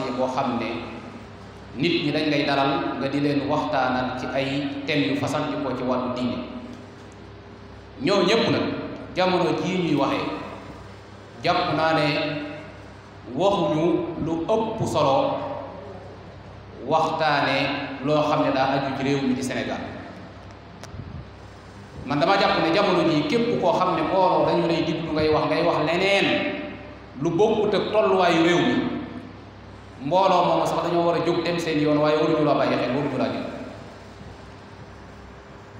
marché boo xam ne nit ñi dañ lay dalal nga di leen waxtaanal ci ay thèmes yu fasanti ko ci wàllu diine ñoo ñépp nag jamono jii ñuy waxe jàpp naa ne waxuñu lu ëpp solo waxtaane loo xam ne daal aju ci réew mi ci Sénégal man dama jàpp ne jamono jii képp koo xam ne mbooloo dañu lay diglu ngay wax ngay wax leneen lu bokkut ak tolluwaayu réew mi mbooloo moomu sax dañoo war a jóg dem seen yoon waaye waruñu laa bàyyi xel waruñu laa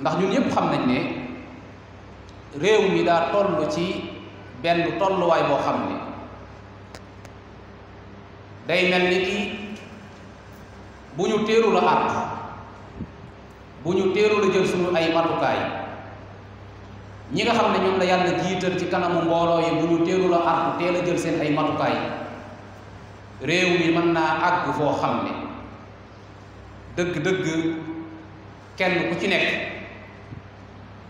ndax ñun ñëpp xam nañ ne réew mi daa toll ci benn tolluwaay boo xam ne day mel ni kii bu ñu teelu la àq bu ñu teelu la jël suñu ay matukaay ñi nga xam ne ñoom la yàlla jiital ci kanamu mbooloo yi bu ñu teelu la àq teel a jël seen ay matukaay réew mi mën naa àgg foo xam ne dëgg-dëgg kenn ku ci nekk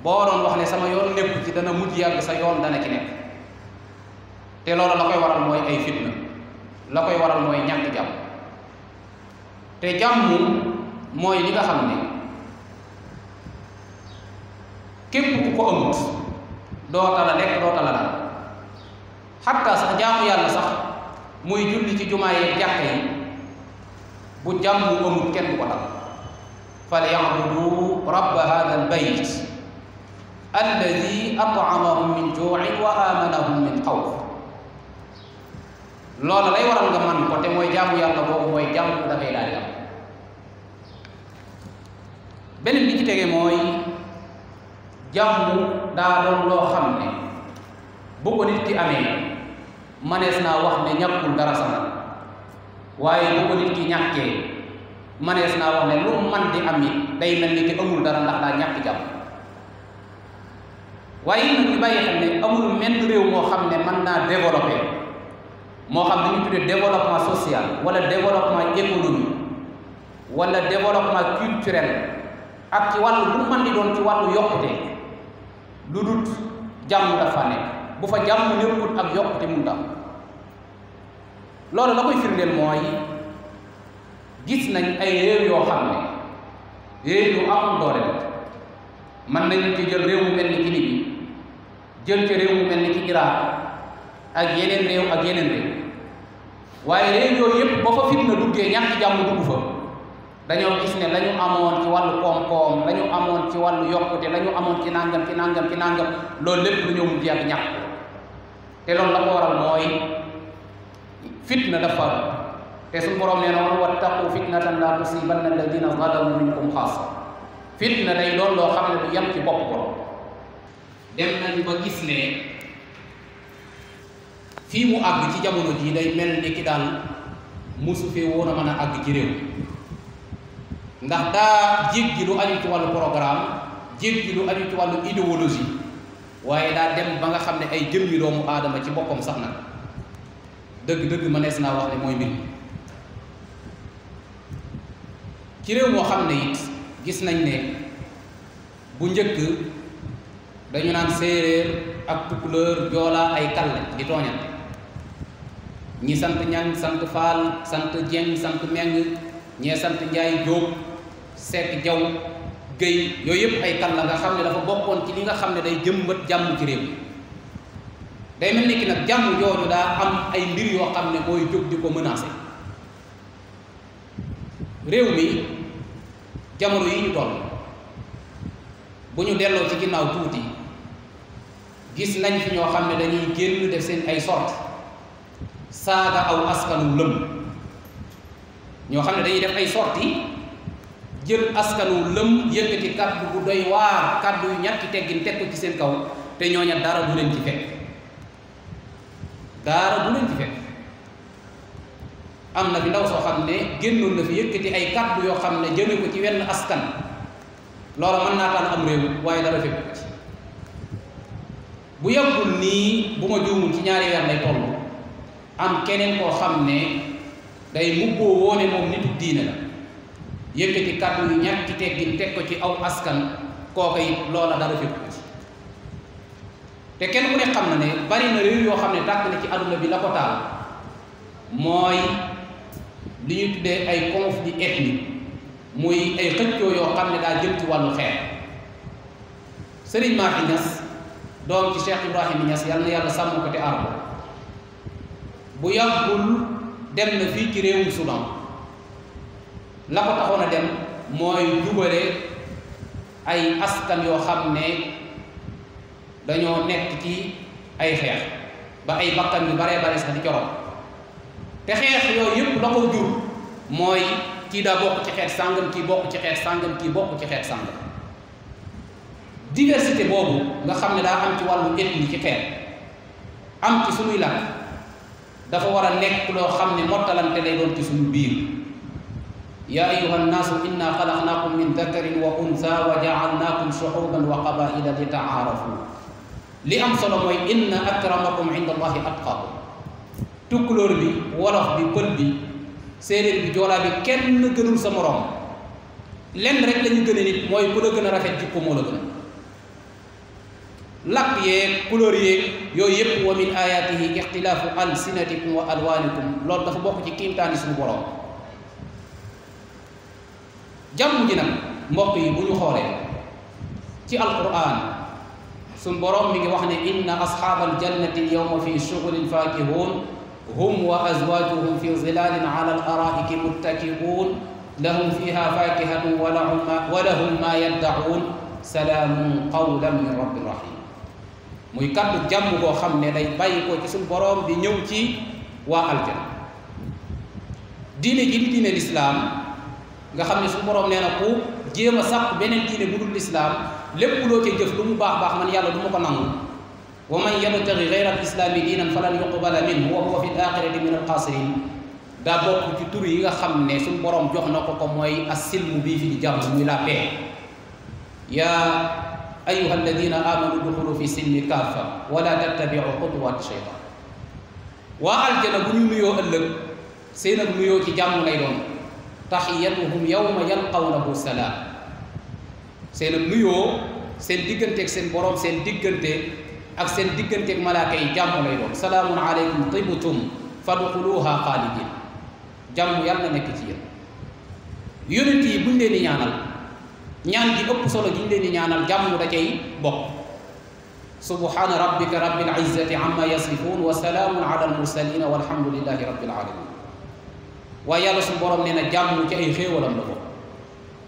boo doon wax ne sama yoon nekku ci dana mujj yàgg sa yoon dana ci nekk te loolu la koy waral mooy ay fitna la koy waral mooy ñàkk jàmm te jàmm mooy li nga xam ne képp ku ko amut doo tala lekk doo tala la xatta sax jaamu yàlla sax muy julli ci jumaa yi jàkka yi bu jàmm amul kenn ko dal falyabudu rabba hada albayt alladi atamahum min juuin wa amanahum min xawf loolu lay waral nga man ko te mooy jaamu yàlla boobu mooy jàmm dafay daal yàlla beneen bi ci tege mooy jàmm daa loo xam ne bu ko nit ki amee manees naa wax ne ñàkkul dara sama waaye bu ko nit ki ñàkkee manees naa wax ne lu man di am it day mel ni ki amul dara ndax daa ñàkk jàmm waaye it ñu bàyyi xel ne amul menn réew moo xam ne mën naa développé moo xam ne ñu tuddee développement social wala développement économique wala développement culturel ak ci wàllu bu mën di doon ci wàllu yokkute lu dut jàmm dafa nekk bu fa jàmm nekkul ak yokkute mun dam loolu la koy firndeel mooy gis nañ ay réew yoo xam ne réew yu amul doole la mën nañu ci jël réew mu mel ni ci Libye jël ci réew mu mel ni ak yeneen réew ak yeneen réew waaye réew yooyu yëpp ba fa fitna duggee ñàkk jàmm dugg fa dañoo gis ne la ñu amoon ci wàllu koom-koom la amoon ci wàllu yokkute lañu amoon ci nàngam ci nàngam ci nàngam loolu lépp lu ñëw mu jeex ñàkk te loolu la ko waral mooy fitna dafa te suñu borom nee na woon wattaqu fitnatan la tusibanna alladina zalamu minkum xaasa fitna day doon loo xam ne du yem ci bopp borom dem nañ ba gis ne fii mu àgg ci jamono jii day mel ni ki daal musu fee woon a mën a àgg ci réew ndax daa jéggi lu aju ci wàllu programme lu aju ci waaye daa dem ba nga xam ne ay jëmmi doomu aadama ci boppam sax nag dëgg-dëgg mënees naa wax mooy mbir mi ci réew moo xam ne it gis nañ ne bu njëkk dañu naan séeréer ak tukulóor joolaa ay kal di tooñal ñi sant ñang sant faal sant jeng sant meng ñee sant njaay jóob sekk jaw Guèye yooyu yëpp ay kan la nga xam ne dafa bokkoon ci li nga xam ne day jëmbat jàmm ci réew day mel ni nag jàmm jooju daa am ay mbir yoo xam ne mooy jóg di ko menacé réew mi jamono yi ñu toll bu ñu delloo ci ginnaaw tuuti gis nañ fi ñoo xam ne dañuy génn def seen ay sorte saaga aw askanu lëm ñoo xam ne dañuy def ay sorti jël askanu lëm yëkkati kàddu bu doy waar kàddu yu ñàkki teggin teg ko ci seen kaw te ñoo ñooña dara du leen ci fekk dara du leen ci fekk am na fi ndaw soo xam ne génnoon dafa fi yëkkati ay kàddu yoo xam ne jëme ko ci wenn askan loola mën naa taan am réew waaye dara fekk bu yàggul nii bu ma juumul ci ñaari weer lay toll am keneen koo xam ne day mubboo woone moom nitu diine la yëkkati kàddu yu ñàkk ci teggin teg ko ci aw askan kooka it loola dara fekk ko ci te kenn ku ne xam na ne bari na réew yoo xam ne tàkk na ci àdduna bi la ko taal mooy li ñu tuddee ay conflit ethnique muy ay xëccoo yoo xam ne daal jëm ci wàllu xeet Serigne Mahi Niass doom ci Cheikh Ibrahima Niass yal na yàlla sàmm ko te aar bu yàggul dem na fii ci réewum Soudan la ko taxoon a dem mooy jubale ay askan yoo xam ne dañoo nekk ci ay xeex ba ay bakkan yu baree bare sax di coroom te xeex yooyu yëpp la ko jur mooy kii daa bokk ci xeet sàngam kii bokk ci xeet sàngam kii bokk ci xeet sàngam diversité boobu nga xam ne daa am ci wàllu ethnie ci xeet am ci suñuy làkk dafa war a nekk loo xam ne mottalante lay doon ci suñu biir يا أيها الناس إنا خلقناكم من ذكر وأنثى وجعلناكم شعوبا وقبائل لتعارفوا li am solo mooy inna akramakum inda allahi atqakum tukkulóor bi wolof bi pël bi séeréer bi joolaa bi kenn gënul sa moroom lenn rek la ñu gën a nit mooy ku la gën a rafet jikko moo la gën a làkk yeeg couleur yeeg yooyu yëpp wa min ayatihi ixtilaafu alsinatikum wa alwanikum loolu dafa bokk ci kiimtaani suñu borom jàmm ji nag mbokk yi bu ñu xoolee ci alquran suñ boroom mi ngi wax ne inna asxaabal jannati fi shugulin faakihun hum wa azwajuhum fi zilalin ala al lahum fiha fakihatun wa lahum ma yaddaun salaamun qawlan min rabbin rahim muy kàddu jàmm koo xam ne day bàyyi ko ci suñ boroom di ñëw ci waa aljanna diine gi nga xam ne su borom nee na ku jéem a sàq beneen diine bu dul lislaam lépp loo ca jëf lu mu baax baax man yàlla du ma ko nangu wa man yabtagi gayra al islaami diinan falan yuqbala minhu wa huwa fi l axirati min al xaasirin daa bokk ci tur yi nga xam ne suñu borom jox na ko ko mooy asilmu bii fi di jàmm muy la paix yaa ayuha alladina amanu duxulu fi silmi kaafa wala tattabiu xutuwaati cheytan waa aljana bu ñu nuyoo ëllëg seen ak nuyoo ci jàmm lay doon taxiyatuhum yawma yalqawnahu salaam seen nuyo seen diggantek seen borom seen diggante ak seen digganteeg malaaka yi jàmm lay doon salaamun aleykum tibtum fadxuluha xaalidin jàmm yàlla nekk ci yéen yonent yi buñ leen di ñaanal ñaan gi ëpp solo gi ñu leen di ñaanal jàmm da cay bokk subhaana rabbika rabbil izzati amma yasifun wa salaamun ala al mursalina walhamdulillahi rabbil alamin waaye yàlla suñu borom nee na jàmm ci ay xéewalam la bokk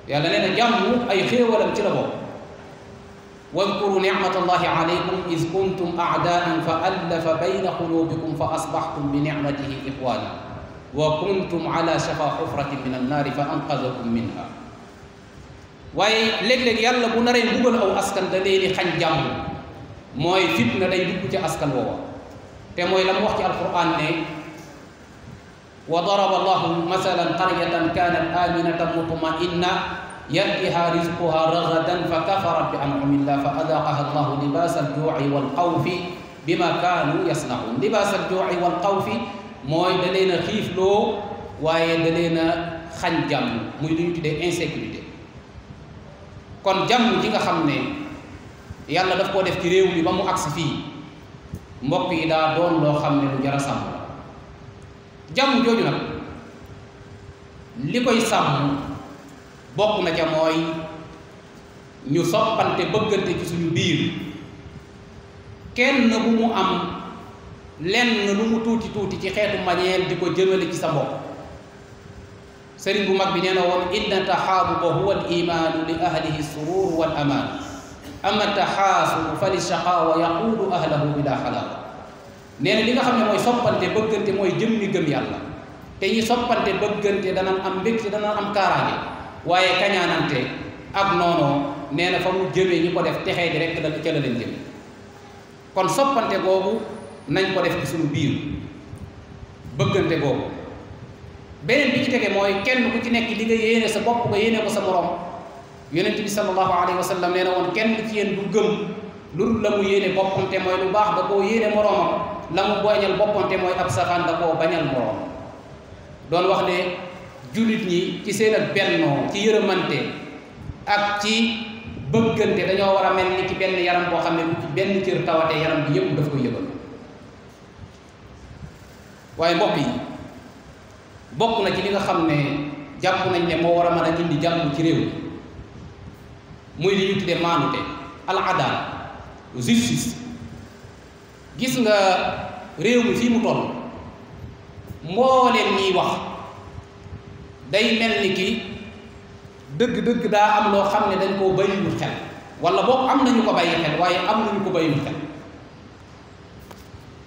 yàlla nee na jàmm ay xéewalam ci la bokk واذكروا نعمة الله عليكم إذ كنتم أعداء فألف بين قلوبكم فأصبحتم بنعمته إخوانا وكنتم على شفا حفرة من النار فأنقذكم منها waaye léeg-léeg yàlla bu naree mbugal aw askan da leen di xañ jàmm mooy fitna day dugg ci askan woowa te mooy la mu wax ci alquran ne وضرب الله مثلا قرية كانت آمنة مطمئنة يأتيها رزقها رغدا فكفرت بأنعم الله فأذاقها الله لباس الجوع والخوف بما كانوا يصنعون لباس الجوع والخوف mooy da leen a xiifloo waaye da leen a xañ jàmm muy lu ñu tuddee insécurité kon jàmm ji nga xam ne yàlla daf koo def ci réew mi ba mu agsi fii mbokk yi daa doon loo xam ne lu jar a sàmm jàmm jooju nag li koy sàmm bokk na ca mooy ñu soppante bëggante ci suñu biir kenn bu mu am lenn lu mu tuuti tuuti ci xeetu mbañeel di ko jëmale ci sa mbokk sëriñ bu mag bi nee na woon inna taxaabuba huwa al imaanu li ahlihi surur wal amaan ama taxaasubu fa li shaqaawa yaquudu ahlahu xalaal nee na li nga xam ne mooy soppante bëggante mooy jëmmi gëm yàlla te ñi soppante bëggante dana am mbégte dana am kaaraange waaye kañaanante ak noonoo nee na fa mu jëmee ñu ko def texee di rek da ca la kon soppante boobu nañ ko def ci suñu biir bëggante boobu beneen bi ci tege mooy kenn ku ci nekk li nga yéene sa bopp nga yéene ko sa morom yonent bi sallallahu alayhi wa sallam nee na woon kenn ci yéen du gëm lu dul la mu yéene boppam te mooy lu baax ba koo yéene moroomam la mu boñal boppante mooy ab safaan da koo bañal moroom doon wax ne jullit ñi ci seen ak bennoo ci yërëmante ak ci bëggante dañoo war a mel ni ci benn yaram boo xam ne ci benn cër tawatee yaram bi yëpp daf koy yëgal waaye mbokk yi bokk na ci li nga xam ne jàpp nañ ne moo war a mën a indi jàmm ci réew mi muy li ñu tuddee maanute al adal justice gis nga réew mi fii mu toll mbooleem ñiy wax day mel ni ki dëgg-dëgg daa am loo xam ne dañ koo bàyyiwul xel wala boog am nañu ko bàyyi xel waaye am nañu ko bàyyiwul xel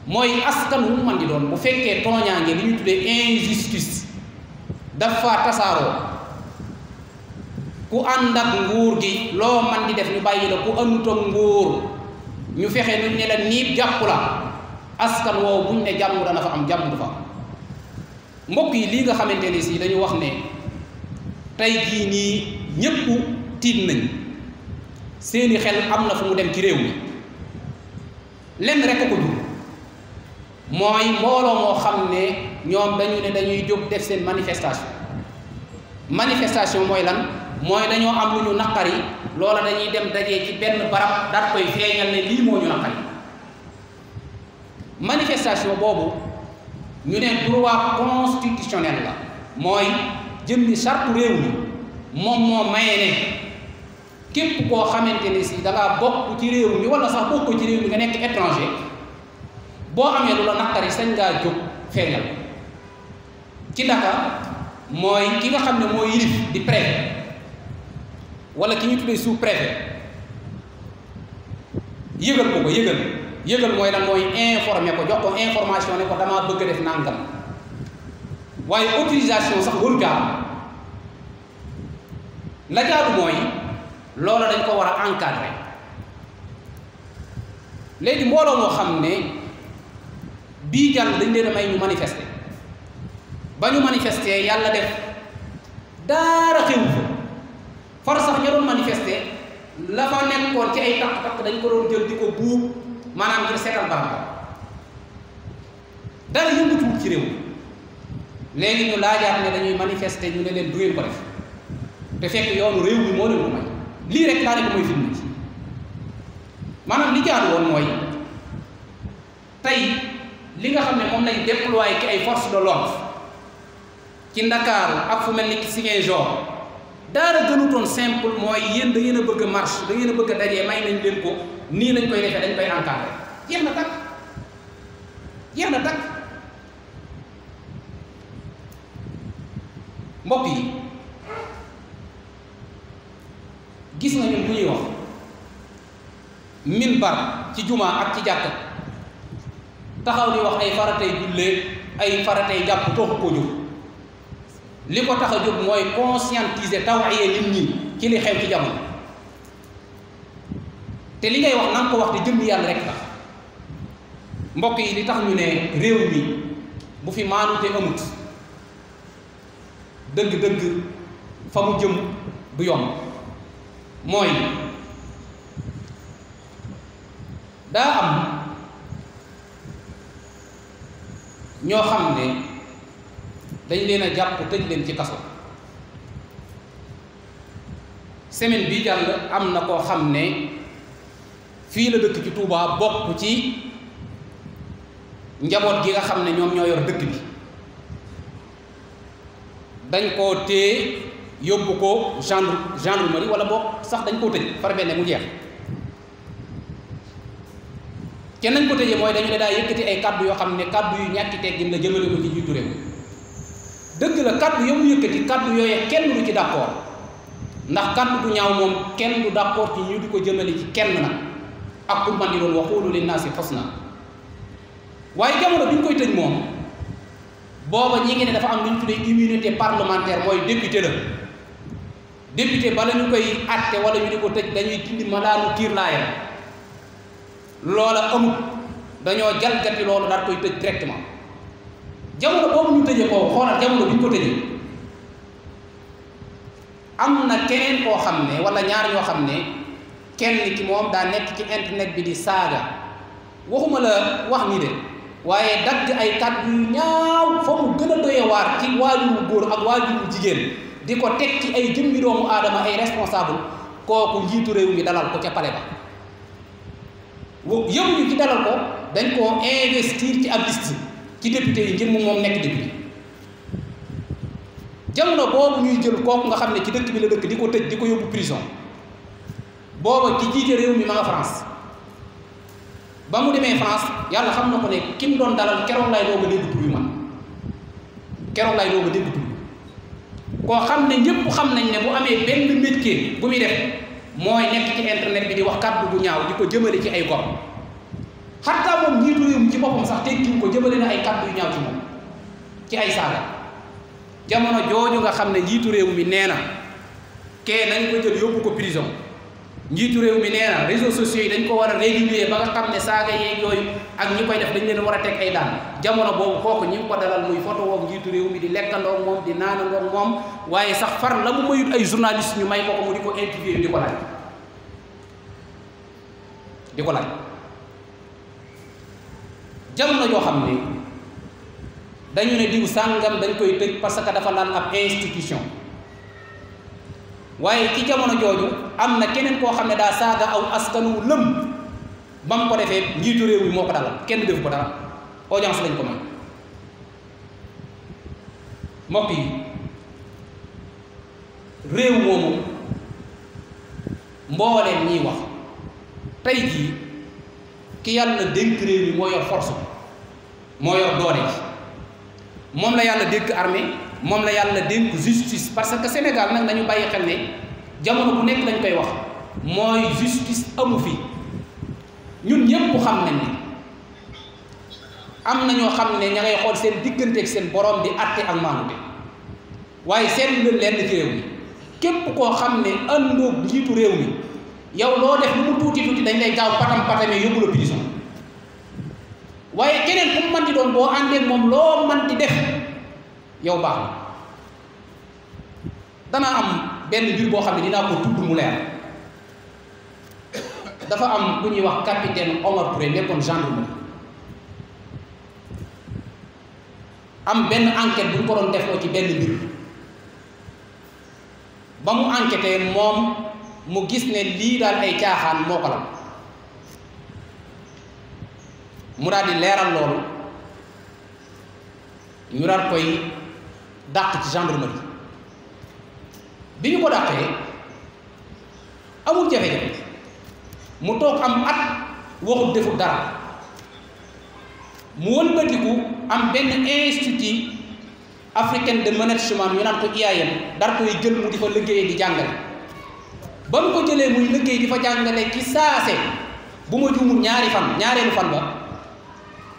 mooy askan wu man di doon bu fekkee tooñaange li ñu tuddee injustice dafa tasaaroo ku ànd ak nguur gi loo man di def ñu bàyyi la ku àndut ak nguur ñu fexe nu ne la niib jàpp la askan woowu buñ ne jàmm dana fa am jàmm du fa am mbokk yi lii nga xamante ne sii dañu wax ne tey jii nii ñëpp tiit nañ seeni xel am na fu mu dem ci réew mi lenn rek a ko mooy mbooloo moo xam ne ñoom dañu ne dañuy jóg def seen manifestation manifestation mooy lan mooy dañoo am lu ñu naqari loola dañuy dem dajee ci benn barab daat koy feeñal ne lii moo ñu naqari manifestation boobu ñu ne droit constitutionnel la mooy jëmmi sartu réew mi moom moo maye ne képp koo xamante ni si dangaa bokk ci réew mi wala sax bokk ci réew mi nga nekk étranger boo amee lu la naqari sañ ngaa jóg feeñal ci Dakar mooy ki nga xam ne mooy yilif di préfet wala ki ñu tuddee sous préfet yëgal ko ko yëgal yëgal mooy lan mooy informer ko jox ko information ne ko damaa bëgg def nangam waaye autorisation sax wër gaam la jaaru mooy loola dañ ko war a encadrer léegi mbooloo moo xam ne bii jàll dañ leen a may ñu manifester ba ñu manifester yàlla def daara xew fa far sax ña doon manifester la fa ci ay takk-takk dañ ko doon jël di ko buub maanaam ngir seetal baram ko dara yëngatuwul ci réew léegi ñu laajaat ne dañuy manifester ñu ne leen du ngeen ko def te fekk yoonu réew mi moo leen ko may lii rek daanaka mooy firnde ci maanaam li jaar woon mooy tey li nga xam ne moom lañ déployé ci ay forces de l'ordre ci Ndakaaru ak fu mel ni ci Ziguinchor daara gënutoon simple mooy yéen da ngeen a bëgg a marche da ngeen a bëgg a dajee may nañ leen ko nii lañ koy defee dañ koy encadré jeex na takk jeex na takk mbokk yi gis nga bu ñuy wax minbar ci jumaa ak ci jàkka taxaw di wax ay faratay jullee ay faratay jàpp tooxu koo li ko tax a jóg mooy conscientiser tawayee nit ñi ci li xew ci jamono te li ngay wax na nga ko wax di jëmm yàlla rek tax mbokk yi li tax ñu ne réew mi bu fi maanute amut dëgg-dëgg fa mu jëm du yomb mooy daa am ñoo xam ne dañ leen a jàpp tëj leen ci kaso semaine bi jàll am na koo xam ne fii la dëkk ci Touba bokk ci njaboot gi nga xam ne ñoom ñoo yor dëkk bi dañ koo téye yóbbu ko genre gendarmerie wala boog sax dañ koo tëj far ne mu jeex kenn nañ ko tëjee mooy dañu ne daa yëkkati ay kàddu yoo xam ne kàddu yu ñàkki teggin la jëmale ko ci jiitu réew dëgg la kàddu ya mu yëkkati kàddu yooye kenn du ci d'accord ndax kàddu bu ñaaw moom kenn du d'accord ci ñu di ko jëmale ci kenn nag ak ku man di doon waxulu linnaasi xusna waaye jamono bi ñu koy tëj moom booba ñi ngi ne dafa am lu ñu tuddee immunité parlementaire mooy député la député bala ñu koy àtte wala ñu di ko tëj dañuy tindi malaanu kiir laayam loola amut dañoo jalgati loolu daal koy tëj directement jamono boobu ñu tëjee ko xoolal jamono bi ñu ko tëjee am na keneen koo xam ne walla ñaar ñoo xam ne kenn ki moom daa nekk ci internet bi di saaga waxuma la wax ni de waaye dagg ay kàddu yu ñaaw fa mu gën a doye waar ci waajuru góor ak waajuru jigéen di ko teg ci ay jëmmi doomu aadama ay responsable kooku njiitu réew mi dalal ko ca pale ba yëpp ñu ci dalal ko dañ koo investir ci ab liste ci député yi jëmm moom nekk député jamono boobu ñuy jël kooku nga xam ne ci dëkk bi la dëkk di ko tëj di ko yóbbu prison booba ki jiite réew mi ma France ba mu demee France yàlla xam na ko ne ki doon dalal keroog lay doog a dégg tur yu man keroog lay doog a dégg tur koo xam ne ñëpp xam nañ ne bu amee benn métier bu muy def mooy nekk ci internet bi di wax kàddu bu ñaaw di ko jëmale ci ay gox xataa moom njiitu réew mi ci boppam sax tekkiwu ko jëmale na ay kàddu yu ñaaw ci moom ci ay saaga jamono jooju nga xam ne njiitu réew mi nee na kenn nañ ko jël yóbbu ko prison njiitu réew mi nee na réseaux sociaux yi dañ ko war a réguler ba nga xam ne saaga yeeg yooyu ak ñi koy def dañ leen war a teg ay daan jamono boobu kooku ñi ngi ko dalal muy photo woog njiitu réew mi di lekkandoog moom di naanandoog moom waaye sax far la mu mayut ay journaliste ñu may ko ko mu ko interview di ko laaj jamono joo xam ne dañu ne diw sàngam dañ koy tëj parce que dafa laal ab institution waaye ci jamono jooju am na keneen koo xam ne daa saaga aw askanu lëm ba mu ko defee njiitu réew mi moo ko dalal kenn def ko dara audience lañ ko may mbokk yi réew moomu mbooleem ñiy wax tey jii ki yàlla dénk réew mi moo yor force moo yor doole moom la yàlla dénk armée moom la yàlla dénk justice parce que Sénégal nag nañu bàyyi xel ne jamono bu nekk dañ koy wax mooy justice amu fi ñun ñépp xam nañ ne am na ñoo xam ne ña ngay xool seen diggante ak seen borom di àtte ak maanute waaye seen lu lenn ci réew mi képp koo xam ne àndoog njiitu réew mi yow loo def lu mu tuuti tuuti dañ lay gaaw patam patame yóbbu la prison waaye keneen ku mu man di doon boo àndee moom loo man di def yow baax na danaa am benn mbir boo xam ne dinaa ko tudd mu leer dafa am ku ñuy wax capitaine Omar Touré nekkoon gendarmerie am benn enquête bu ñu ko doon defoo ci benn mbir ba mu enquêté moom mu gis ne lii daal ay caaxaan moo ko la mu daal di leeral loolu ñu daal koy dàq ci gendarmerie bi ñu ko dàqee amul jafe-jafe mu toog am at waxut defut dara mu wëlbatiku am benn institut africain de management ñu naan ko IAM dar koy jël mu di fa liggéeyee di jàngale ba mu ko jëlee muy liggéey di fa jàngale ci saase bu ma juumul ñaari fan ñaareelu fan ba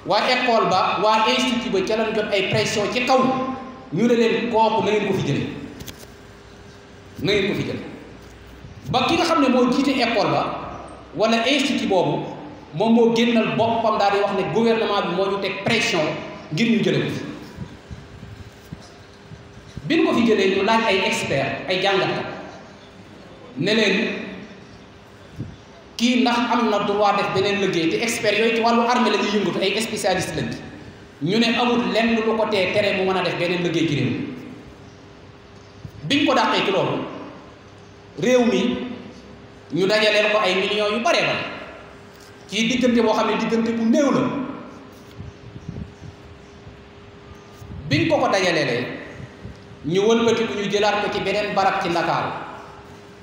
waa école ba waa institut ba ca lañ jot ay pression ci kaw ñu ne leen kooku na ko fi jële na ko fi jële ba ki nga xam ne moo jiite école ba wala institut boobu moom moo génnal boppam daal di wax ne gouvernement bi moo ñu teg pression ngir ñu jële ko fi bi ñu ko fi jëlee ñu laaj ay expert ay jàngat ne leen kii ndax am na droit def beneen liggéey te experts yooyu ci wàllu armée la ñuy yëngatu ay spécialiste lañ ñu ne amul lenn lu ko tee tere mu mën a def beneen liggéey ci réew mi biñ ko dàqee ci loolu réew mi ñu dajaleel ko ay millions yu bare bare ci diggante boo xam ne diggante bu néew la biñ ko ko dajaleelee ñu wëlbati bu ñu jëlaat ko ci beneen barab ci Ndakaaru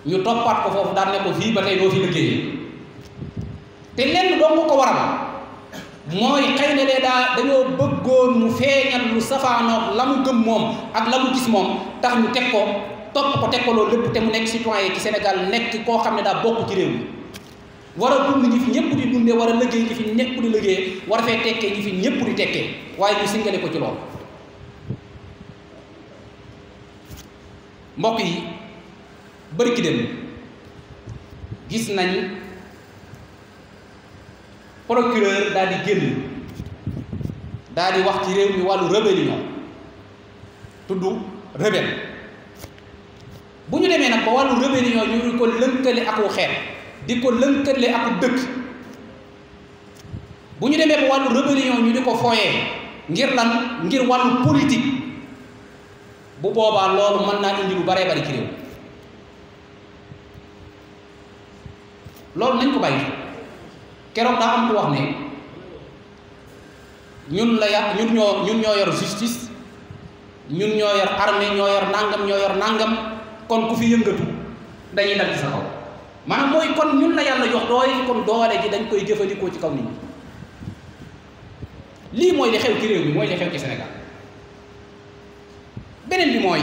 ñu toppaat ko foofu daan ne ko fii ba tey doo fi liggéeyee te lenn dong ko waral mooy xëy na de daa dañoo bëggoon mu feeñal lu safaanoog la mu gëm moom ak la mu gis moom tax mu teg ko topp ko teg ko loolu lépp te mu nekk citoyen ci Sénégal nekk koo xam ne daa bokk ci réew mi war ñi fi ñëpp di dundee war a liggéey ñi fi ñëpp di liggéey war a fee tekkee ñi fi waaye ñu singale ko ci loolu mbokk yi bari ki dem gis nañ procureur daldi di génn di wax ci réew mi wàllu rébellion tudd rebelle bu ñu demee nag ba wàllu rébellion ñu ngi ko lënkale aku xeet di ko lënkale aku dëkk bu ñu demee ba wàllu rébellion ñu di ko fooyee ngir lan ngir wàllu politique bu boobaa loolu mën naa indi lu baree bari ci réew loolu nañ ko bàyyi keroog daa am ku wax ne ñun la ya ñun ñoo ñun ñoo yor justice ñun ñoo yor armée ñoo yor nangam ñoo yor nangam kon ku fi yëngatu dañuy dal ci sa kaw maanaam mooy kon ñun la yàlla jox doo ji kon doole ji dañ koy jëfandikoo ci kaw nit ñi lii mooy li xew ci réew mi mooy li xew ci Sénégal beneen bi mooy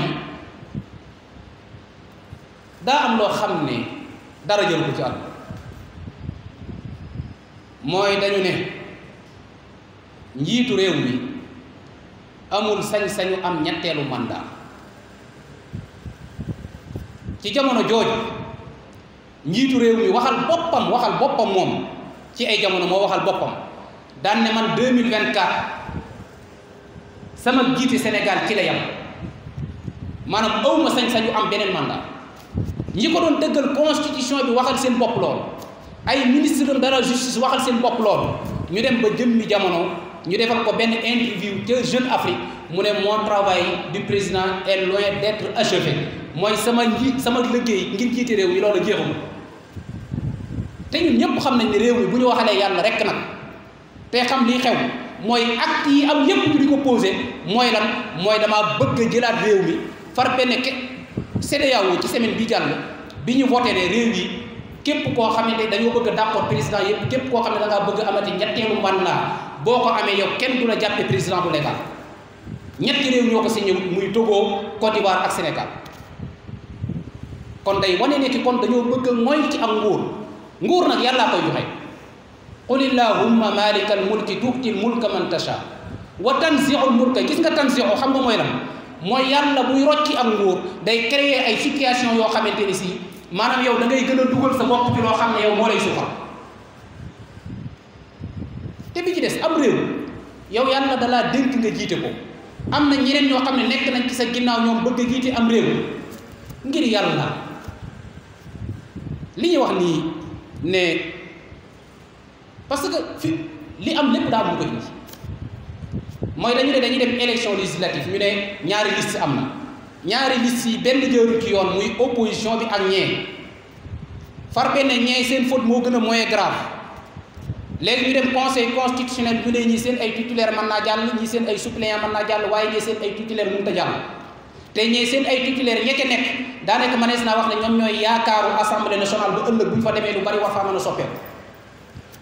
daa am loo xam ne dara jël ko ci àdduna mooy dañu ne njiitu réew mi amul sañ-sañu am ñetteelu mandat ci jamono jooju njiitu réew mi waxal boppam waxal boppam moom ci ay jamono moo waxal boppam daan ne man 2024 sama jiite Sénégal ci la yam maanaam awma sañ-sañu am beneen mandat ñi ko doon dëggal constitution bi waxal seen bopp lool ay ministre de la justice waxal seen bopp loolu ñu dem ba jëmmi jamono ñu defal ko benn interview te Jeune Afrique mu ne mon travail du président est loin d'être achevé mooy sama nji sama liggéey ngir jiite réew mi loolu jeexuma te ñun ñëpp xam nañ ni réew mi bu ñu waxalee yàlla rekk nag te xam lii xew mooy acte yi am yépp di ko posé mooy lan mooy damaa bëgg a jëlaat réew mi far benn CEDEAO ci semaine bi jàll bi ñu voté ne réew yi képp koo xam ne dañoo bëgg a d'accord président yëpp képp koo xam ne bëgg amati ñetteelu mandat boo ko amee yow kenn du la jàppe président bu légal ñetti réew ñoo ko signé muy Togo Côte d'Ivoire ak Sénégal kon day wane ne ki kon dañoo bëgg a ci am nguur nguur nag yàllaa koy joxe qul illahumma malika al mulki tuuti al mulka man tasha wa tanziu al mulka gis nga tanziu xam nga mooy lan mooy yàlla buy rocci am nguur day crée ay situation yoo xamante ni si maanaam yow dangay ngay gën a dugal sa bopp ci loo xam ne yaw moo lay suuxal te bi ci des am réew yow yàlla da laa dénk nga jiite ko am na ñeneen ñoo xam ne nekk nañ ci sa ginnaaw ñoom bëgg a jiite am réew ngir yàlla li ñuy wax nii ne parce que fi li am lépp daa am lu ko indi mooy dañu ne dañuy dem élection législative ñu ne ñaari liste am na. ñaari liste yi benn jëru ci yoon muy opposition bi ak ñee far na ñee seen faute moo gën a moyen grave léegi ñu dem conseil constitutionnel ñu ne ñii seen ay titulaire mën naa jàll ñi seen ay suppléant mën naa jàll waaye ñee seen ay titulaire mënut a jàll te ñee seen ay titulaire ña ca nekk daanaka mënees naa wax ne ñoom ñooy yaakaaru assemblée nationale bu ëllëg bu ñu fa demee lu bari war faa mën a soppeeku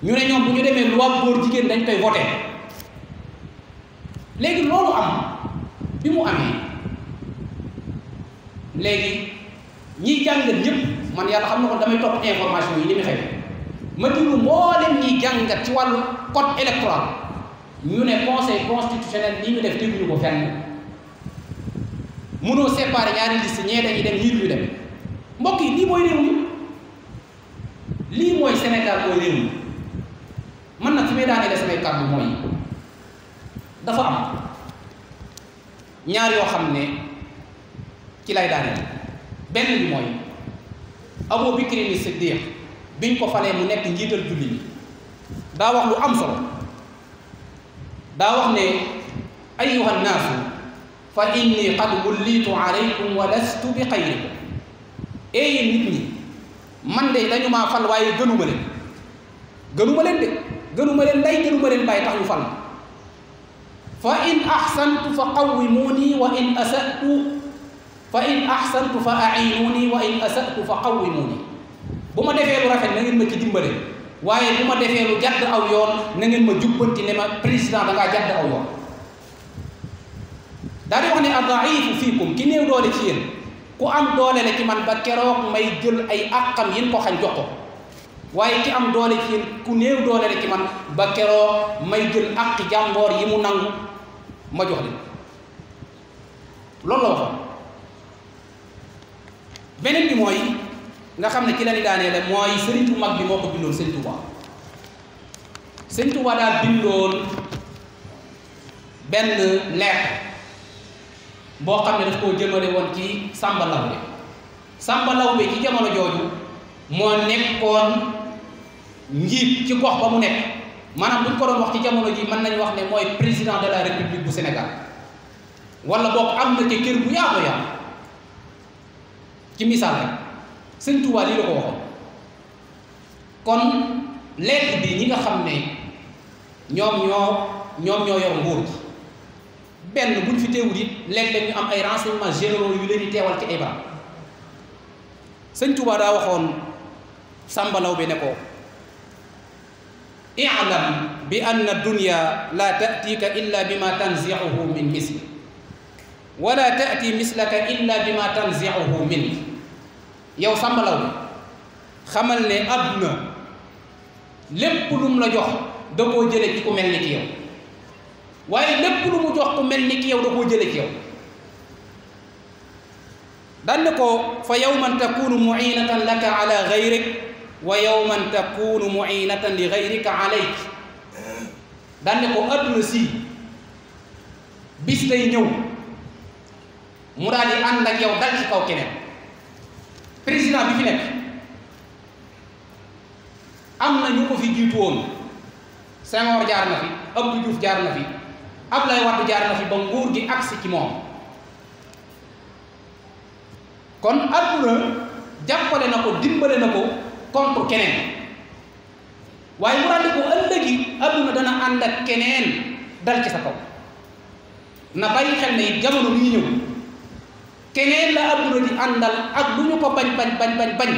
ñu ne ñoom bu ñu demee loi góor jigéen dañ koy voté léegi am bi mu léegi ñiy jàngat ñëpp man yàlla xam na ko damay topp information yi ni mu xew ma dem mboolem ñiy jàngat ci wàllu code électoral ñu ne conseil constitutionnel ni ñu def dégguñu ko fenn mënoo séparer ñaari liste ñee dañuy dem ñii duñu dem mbokk yi lii mooy réew mi lii mooy Sénégal mooy réew mi man nag fi may daanee la samay kàddu mooy dafa am ñaar yoo xam ne ci lay daaneel benn bi mooy Abu Bakrin Siddiq biñ ko falee mu nekk njiital julli ñi daa wax lu am solo daa wax ne ayyuha nnaasu fa inni qad wullitu alaykum wa lastu bi xayrikum eeyéen nit ñi man de dañu maa fal waaye gënuma leen gënuma leen de gënuma leen day gënuma leen bàyyi tax ñu fal fa in axsantu fa qawwimuuni wa in asatu fa in ahsantu fa a'inuuni wa in asa'tu fa qawwimuuni bu ma defee lu rafet na ngeen ma ci dimbale waaye bu ma defee lu jàdd aw yoon na ngeen ma jubbanti ne ma président da ngaa jàdd aw yoon daa di wax ne adaifu fiikum ki néew doole ku am doole man ba keroog may jël ay àqam yéen ko xañ jox ko waaye ki am doole ci yéen ku néew doole la ci man ba keroog may jël àqi jàmboor yi mu nangu ma jox leen loolu la waxoon beneen bi mooy nga xam ne ki la ñu daanee la mooy sëriñ bu mag bi moo ko bindoon sëriñ Touba sëriñ Touba daa bindoon benn lettre boo xam ne daf koo jëmale woon ci Samba Lawbe Samba Lawbe ci jamono jooju moo nekkoon njiit ci gox ba mu nekk maanaam buñ ko doon wax ci jamono ji mën nañu wax ne mooy président de la république bu Sénégal wala boo ko am na ca kër bu yaago yaago ci misaal rek sëñ Tuubaa lii waxoon kon lettre bi ñi nga xam ne ñoom ñoo ñoom ñoo yor nguur gi benn buñ fi teewul it léeg-léeg ñu am ay renseignements généraux yu leen di teewal ci ay barab sëñ daa waxoon Sàmba bi anna dunya la ta'tika illa bima tanzi'uhu min misli wala ta'ti mislaka illa bima tanzi'uhu minni yow sàmbalaw bi xamal ne àdduna lépp lu mu la jox da koo jële ci ku mel ni ki yow waaye lépp lu mu jox ku mel ni ki yow da koo jële ci yow ko fa yawman takunu muinatan laka ala gayrik wa yawman takunu muinatan li gayrika alayk daan ne ko adduna si bis lay ñëw mu daal di yow dal ci kaw keneen président bi fi nekk am na ñu ko fi jiitu woon Senghor jaar na fi Abdou Diouf jaar na fi Abdoulaye Wade jaar na fi ba nguur gi agsi ci moom kon àdduna jàppale na ko dimbale na ko contre keneen waaye mu rànd ko ëllëgi àdduna dana ànd ak keneen dal ci sa kaw na bàyyi xel ne it jamono mi keneen la adduna di àndal ak lu ñu ko bañ bañ bañ bañ bañ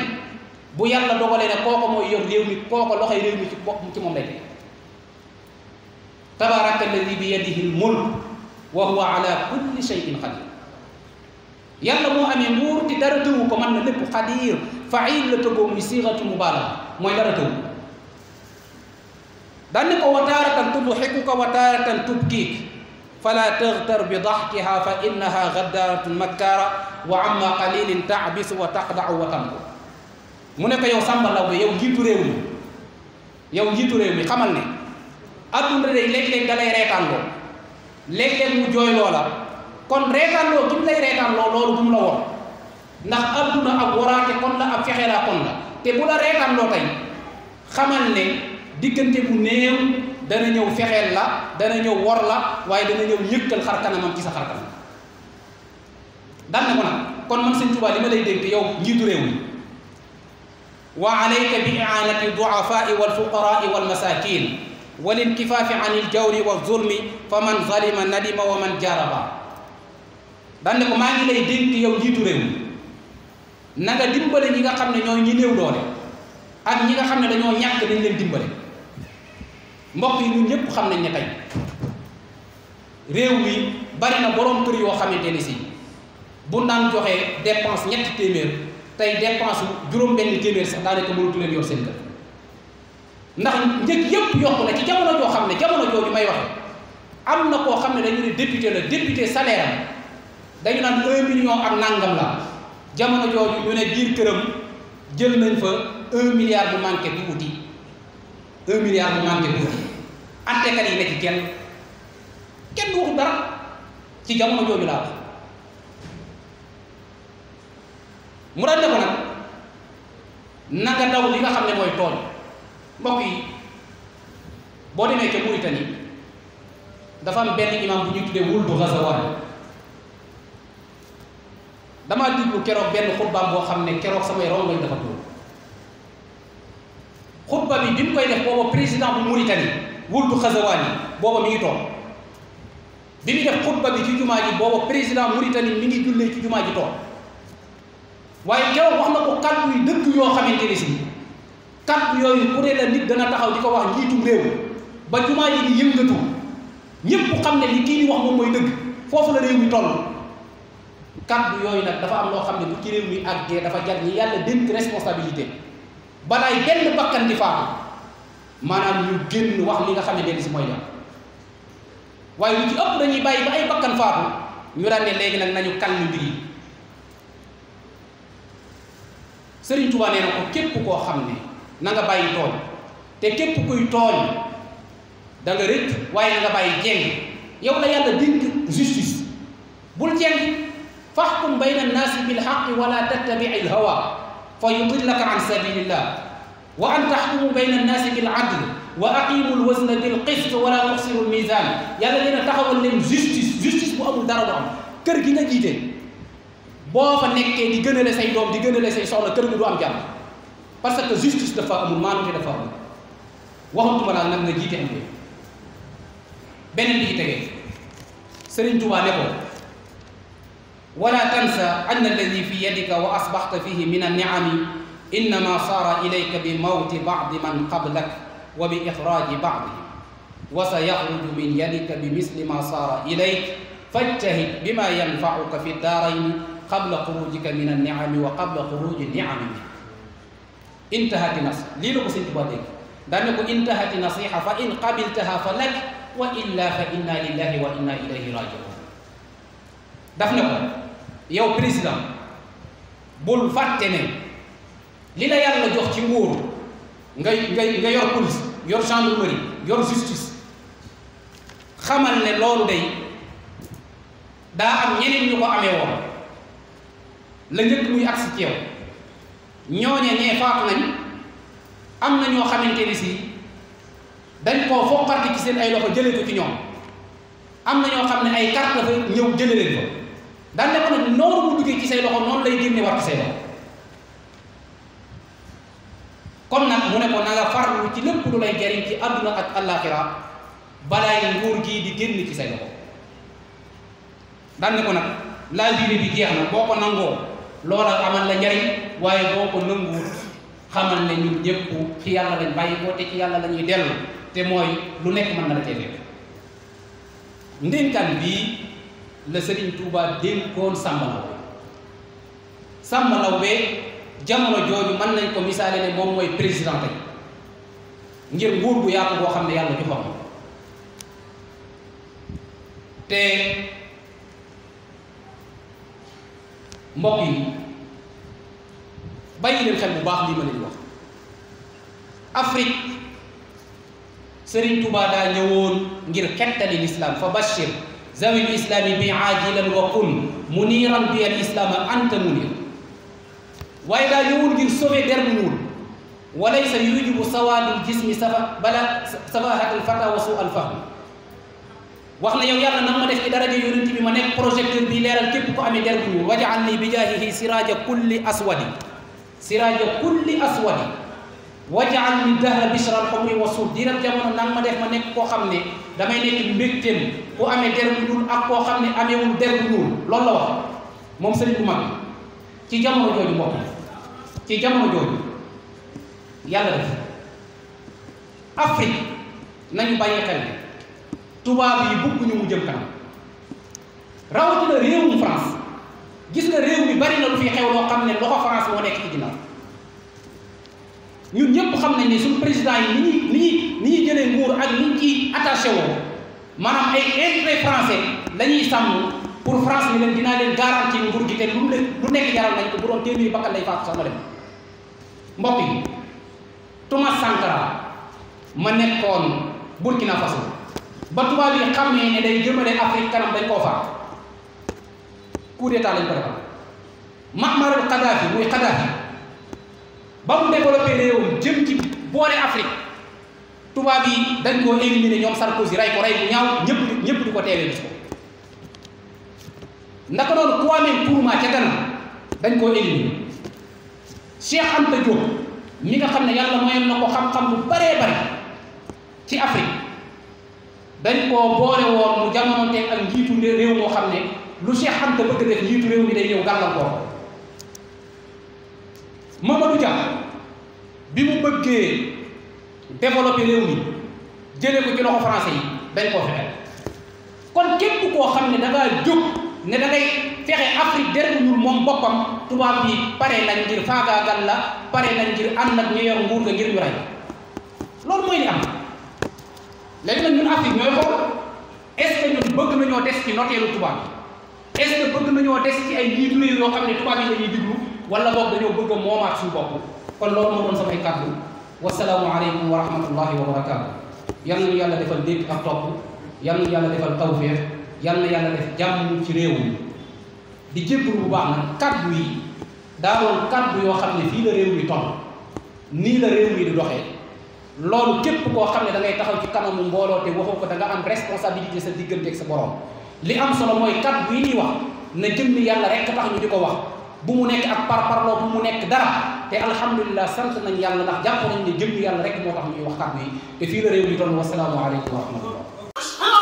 bu yàlla dogalee ne kooko mooy yor réew mi kooko loxoy réew mi ci bopp ci moom lay bi yadihi lmulk wa huwa ala kulli shay'in qadir yàlla moo amee ko mën na lépp xadir fail la tëggoo muy siiratu mubaalaga mooy dara tëwu daan ko wa taaratan tudxiku ko wa taaratan fala taxtar bi daxkiha fa innaha gaddaratun wa amma qalilin taabis wa taqdau wa tambu mu ne ko yow Samba Laobé yow njiitu réew mi yow njiitu réew mi ne adduna day léeg-léeg da lay reetaanloo léeg mu jooy loola kon reetaanloo ki mu lay reetaanloo loolu bu mu la woon ndax adduna ab kon la ab fexe laa la te bu la ne diggante bu néew. dana ñëw fexeel la dana ñëw wor la waaye dana ñëw yëkkal xar kanamam ci sa xar kanam daan na ko nag kon man sëñ Tuubaa li ma lay dénk yow njiitu réew mi wa alayka bi i'anati du'afaa'i wal fuqaraa'i wal masaakiin wal man zalima nadima man jaaraba daan ko maa ngi lay dénk yow njiitu réew mi na nga dimbale ñi nga xam ne ñoo ñi néew doole ak ñi nga xam ne dañoo ñàkk dañ leen dimbale mbokk yi ñun ñëpp xam nañ ne tey réew mi bari na borom kër yoo xamante ni si bu naan joxee dépense ñetti téeméer tey dépense juróom benn téeméer sax daanaka mënatu leen yor seen kër ndax njëg yëpp yokku na ci jamono joo xam ne jamono bi may waxe am na koo xam ne dañu ne député la député salaire am dañu naan un million ak nangam la jamono jooju ñu ne biir këram jël nañ fa un milliard bu manqué bu uti un milliard bu manqué uti attekat yi ne ci kenn kenn waxu dara ci jamono jooju laa wax mu daan ne ko nag nanga daw li nga xam ne mooy tooñ mbokk yi boo demee ca Mauritanie dafa am benn imam bu ñu tuddee wul bu Ghazawani damaa déglu keroog benn xutbaam boo xam ne keroog samay rongoñ dafa tuur xutba bi bi mu koy def booba président bu Mauritanie wuldu xasawaan yi booba mi ngi toog bi muy def xutba bi ci jumaa ji booba président Mauritanie mi ngi jullee ci jumaa ji toog waaye keroog wax na ko kàddu yu dëgg yoo xamante ne si kàddu yooyu ku ne la nit dana taxaw di ko wax njiitum ba jumaa ji di yëngatu ñëpp xam ne ni kii ñu wax moom mooy dëgg foofu la réew mi toll kàddu yooyu nag dafa am loo xam ne bu ci réew mi àggee dafa jar ñi yàlla dénk responsabilité balaay benn bakkan di faatu maanaam ñu génn wax li nga xam ne dellu si mooy dem waaye lu ëpp dañuy bàyyi ba ay bakkan faatu ñu daan ne léegi nag nañu calme mbir yi Sëriñ Tuubaa nee ko képp koo xam ne nanga bàyyi tooñ te képp kuy tooñ da nga waaye na nga bàyyi jeng yow la yàlla dénk justice bul jeng faxkum bayna annaasi bil xaqi wala tattabi al hawa fa yudillaka an sabilillah wa an taxkumu bayna annaasi bil adl wa aqimu lwasna bil qist wala tuxsiru lmisan yàlla dina taxawal leen justice justice bu amul dara bu am kër gi nga jiite boo fa nekkee di gënale say doom di gënale say soxla kër gi du am jàmm parce que justice dafa amul maanute dafa amul waxutuma laa nag nga jiite am réew beneen bi ci tegee Sëriñ Tuubaa ne ko wala tansa anna alladi fi yadika wa asbaxta fihi min anniami innama saara ilayka bi mawti baadi man qablak wa bi ixraaji baadihim wa sa yaxruju min yadika bi misli ma saara ilayk fajtahid bima yanfauka fi daarayni qabla xurujika min anniami wa qabla xuruji niami bi intahati nas lii la ko sëñ Tuubaa dégg daane ko intahati nasiha fa in qabiltaha fa lak wa illa fa inna lillahi wa inna ilayhi rajiun daf ne ko yow président bul fàtte ne li la yàlla jox ci nguur nga nga nga yor police yor gendarmerie yor justice xamal ne loolu day daa am ñeneen ñu ko amee woon la njëkk muy agsi ci yow ñooñe ñee faatu nañ am na ñoo xamante ni si dañ koo foqarti ci seen ay loxo jëlee ko ci na ñoo xam ne ay carte la fa ñëw jëlee leen ko daan ne noonu mu duggee ci say loxo noonu lay génne war ci say loxo kon nag mu ne ko na nga farlu ci lépp lu lay jariñ ci àdduna ak àllaaxira balaay nguur gii di génn ci say loxo daan ko nag laa diine bi jeex na boo ko nangoo loola amal la njariñ waaye boo ko nanguwut xamal ne ñun ñëpp ci yàlla lañ bàyyi ko te ci yàlla la ñuy dellu te mooy lu nekk mën na la cee fekk ndénkaan bii la Sëriñ Tuubaa dénkoon Sàmba Lawbe jamono jooju mën nañ ko misaale ne moom mooy président tey ngir nguur bu yaatu boo xam ne yàlla joxoon na te mbokk yi bàyyi leen xel bu baax lii ma leen wax Afrique Serigne Touba daa ñëwoon ngir kettali lislaam fa bashir zawil islaami bi aajilan wa kun muniran bi al islaama anta munir waaye daa ñëwul ngir sauver der bu ñuul walaysa yujibu sawaadul jismi safa bala safahatul fata wa suu al fahm wax na yow yàlla na ma def ci daraja yonent bi ma nekk projecteur bi leeral képp ko amee der bu ñuul wajal ni bi jaahihi siraaja kulli aswadi siraaja kulli aswadi wajal ni dahra bishral xumri wa suud diiral jamono na ma def ma nekk koo xam ne damay nekk mbégteem ku amee der bu ñuul koo xam ne ameewul der loolu la wax moom sëriñ bu ci jamono jooju mbokk ci jamono jooju yàlla def Afrique nañu bàyyi xel tubaab yi bëgguñu mu jëm kanam rawatina réewum France gis nga réew yu bari na lu fi xew loo xam ne loxo France moo nekk ci ginnaaw ñun ñëpp xam nañ ne suñu président yi ni ñuy ni ñuy ni ñuy jëlee nguur ak ni ñu ciy attaché woo maanaam ay intérêt français la ñuy sàmm pour France ni leen dinaa leen garanti nguur gi te lu nekk jaral nañ ko bu doon téeméeri bakkan lay faatu sax dem mbokk yi Thomas Sankara ma nekkoon Burkina Faso ba tubaab yi xam ne ne day Afrique kanam dañ koo faat coup d'état lañ ko defal Mouammar Kadhafi muy Kadhafi ba mu développé réewam jëm ci boole Afrique tubaab yi dañ koo éliminer ñoom Sarkozy rey ko rey bu ñaaw ñëpp ñëpp di ko teewee gis ko naka noonu Kwame Nkrumah ca Ghana dañ koo éliminer Cheikh Anta Diop nga xam ne yàlla mayoon na ko xam-xam bu baree bari ci Afrique dañ koo boole woon mu jamonoonteeg ak njiitu réew moo xam ne lu Cheikh Anta bëgg def njiitu réew mi day ñëw gàllankoor Mamadou Dia bi mu bëggee développer réew mi jëlee ko ci loxo français yi dañ koo fexe kon képp koo xam ne da ngaa jóg ne da ngay fexe Afrique der ñuul moom boppam. tubaab bi pare nañ ngir faagaagal la pare nañ ngir ànd ak ñu yor nguur ga ngir ñu rey loolu mooy li am léegi nag ñun Afrique ñooy xool est ñun bëgg nañoo des ci noteelu tubaab bi est ce que bëgg des ci ay yoo xam ne tubaab yi dañuy diglu wala boog dañoo bëgg a moomaat suñu bopp kon loolu moo doon samay kàddu wasalaamualeykum wa rahmatullahi wa barakaatu yal nañu yàlla defal dégg ak topp yal nañu yàlla defal tawfiq yal na yàlla def jàmm ci réew mi di jébbal bu baax na kàddu yi daa doon kàddu yoo xam ne fii la réew mi toll nii la réew mi di doxee loolu képp koo xam ne da taxaw ci kanamu mbooloo te waxu ko da nga am responsabilité sa diggante ak sa borom li am solo mooy kàddu yi ñuy wax na jëm ni yàlla rek tax ñu di ko wax bu mu nekk ak parparloo bu mu nekk dara te alhamdulilah sant nañ yàlla ndax jàpp nañ ne jëm ni yàlla rek moo tax ñuy wax kàddu yi te fii la réew mi toll wasalaamu aleykum wa